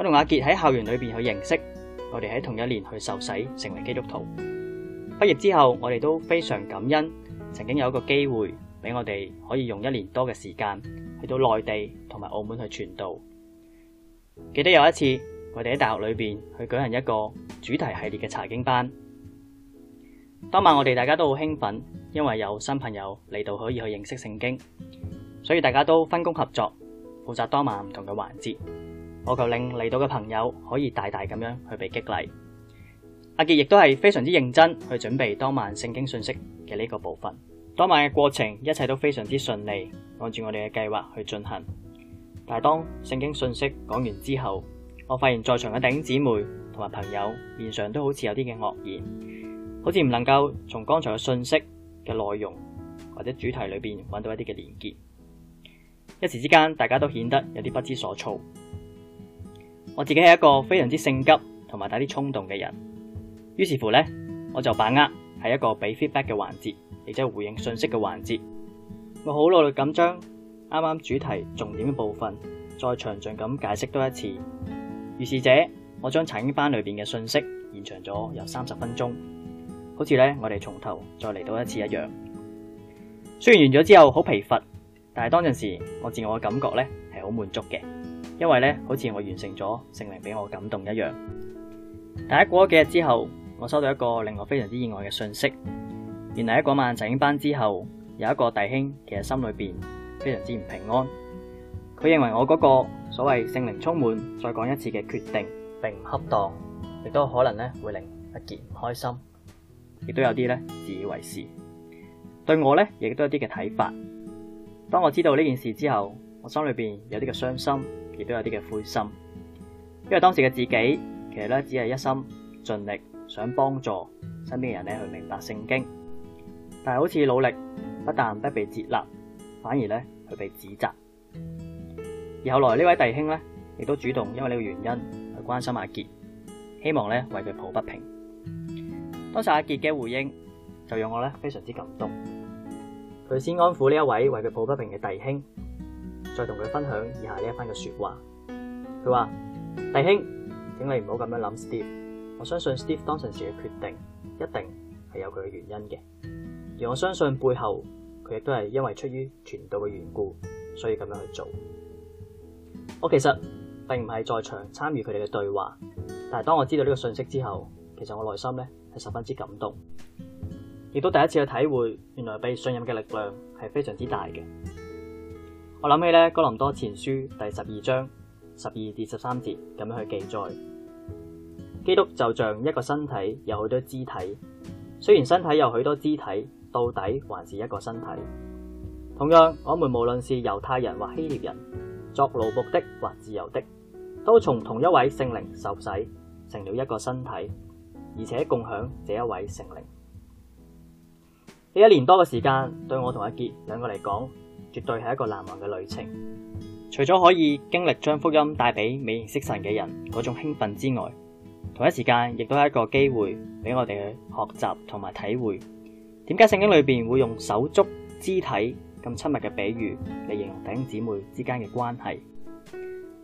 我同阿杰喺校園裏邊去認識，我哋喺同一年去受洗成為基督徒。畢業之後，我哋都非常感恩，曾經有一個機會俾我哋可以用一年多嘅時間去到內地同埋澳門去傳道。記得有一次，我哋喺大學裏邊去舉行一個主題系列嘅查經班。當晚我哋大家都好興奮，因為有新朋友嚟到可以去認識聖經，所以大家都分工合作，負責當晚唔同嘅環節。我求令嚟到嘅朋友可以大大咁樣去被激勵。阿杰亦都係非常之認真去準備當晚聖經信息嘅呢個部分。當晚嘅過程一切都非常之順利，按照我哋嘅計劃去進行。但係當聖經信息講完之後，我發現在場嘅頂姊妹同埋朋友面上都好似有啲嘅愕然，好似唔能夠從剛才嘅信息嘅內容或者主題裏邊揾到一啲嘅連結。一時之間，大家都顯得有啲不知所措。我自己係一個非常之性急同埋帶啲衝動嘅人，於是乎呢，我就把握係一個俾 feedback 嘅環節，亦即係回應信息嘅環節。我好努力咁將啱啱主題重點嘅部分再詳盡咁解釋多一次。於是者，我將查經班裏邊嘅信息延長咗有三十分鐘，好似呢我哋從頭再嚟到一次一樣。雖然完咗之後好疲乏，但係當陣時我自我嘅感覺呢係好滿足嘅。因為咧，好似我完成咗聖靈俾我感動一樣。但係過咗幾日之後，我收到一個令我非常之意外嘅信息。原來喺嗰晚集影班之後，有一個弟兄其實心裏邊非常之唔平安。佢認為我嗰個所謂聖靈充滿再講一次嘅決定，並唔恰當，亦都可能咧會令阿杰唔開心，亦都有啲咧自以為是，對我咧亦都有一啲嘅睇法。當我知道呢件事之後，我心裏邊有啲嘅傷心，亦都有啲嘅灰心，因為當時嘅自己其實咧只係一心盡力想幫助身邊嘅人咧去明白聖經，但係好似努力不但不被接納，反而咧去被指責。而後來呢位弟兄咧亦都主動因為呢個原因去關心阿杰，希望咧為佢抱不平。當時阿杰嘅回應就讓我咧非常之感動。佢先安撫呢一位為佢抱不平嘅弟兄。再同佢分享以下呢一番嘅說話，佢話：弟兄，請你唔好咁樣諗，Steve。我相信 Steve 當陣時嘅決定一定係有佢嘅原因嘅，而我相信背後佢亦都係因為出於傳道嘅緣故，所以咁樣去做。我其實並唔係在場參與佢哋嘅對話，但係當我知道呢個信息之後，其實我內心咧係十分之感動，亦都第一次去體會，原來被信任嘅力量係非常之大嘅。我諗起咧《哥林多前書》第十二章十二至十三節咁樣去記載，基督就像一個身體，有好多肢體。雖然身體有許多肢體，到底還是一個身體。同樣，我們無論是猶太人或希臘人，作奴僕的或自由的，都從同一位聖靈受洗，成了一個身體，而且共享這一位聖靈。呢一年多嘅時間，對我同阿杰兩個嚟講。絕對係一個難忘嘅旅程。除咗可以經歷將福音帶俾未認識神嘅人嗰種興奮之外，同一時間亦都係一個機會，俾我哋去學習同埋體會點解聖經裏邊會用手足肢體咁親密嘅比喻嚟形容弟兄姊妹之間嘅關係。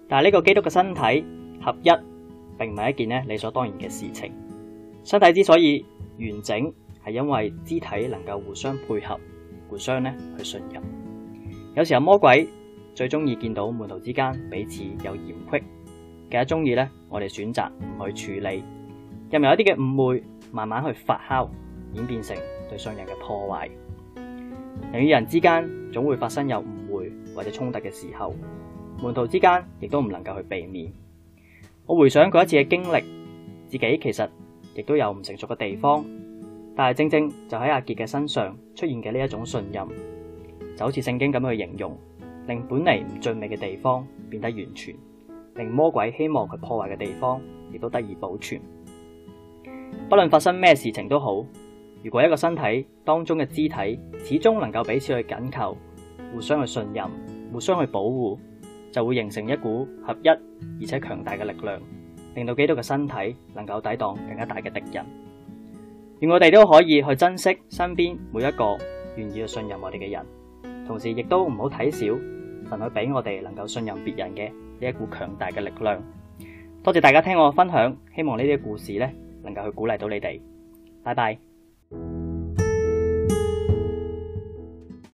但係呢個基督嘅身體合一，並唔係一件呢理所當然嘅事情。身體之所以完整，係因為肢體能夠互相配合，互相呢去信任。有時候魔鬼最中意見到門徒之間彼此有嫌隙，更加中意我哋選擇唔去處理，任由一啲嘅誤會慢慢去發酵，演變成對信任嘅破壞。人與人之間總會發生有誤會或者衝突嘅時候，門徒之間亦都唔能夠去避免。我回想嗰一次嘅經歷，自己其實亦都有唔成熟嘅地方，但係正正就喺阿杰嘅身上出現嘅呢一種信任。就好似聖經咁樣去形容，令本嚟唔盡美嘅地方變得完全，令魔鬼希望佢破壞嘅地方亦都得以保存。不論發生咩事情都好，如果一個身體當中嘅肢體始終能夠彼此去緊扣、互相去信任、互相去保護，就會形成一股合一而且強大嘅力量，令到基督嘅身體能夠抵擋更加大嘅敵人。而我哋都可以去珍惜身邊每一個願意去信任我哋嘅人。同時，亦都唔好睇少，神去俾我哋能夠信任別人嘅呢一股強大嘅力量。多謝大家聽我嘅分享，希望呢啲故事咧能夠去鼓勵到你哋。拜拜。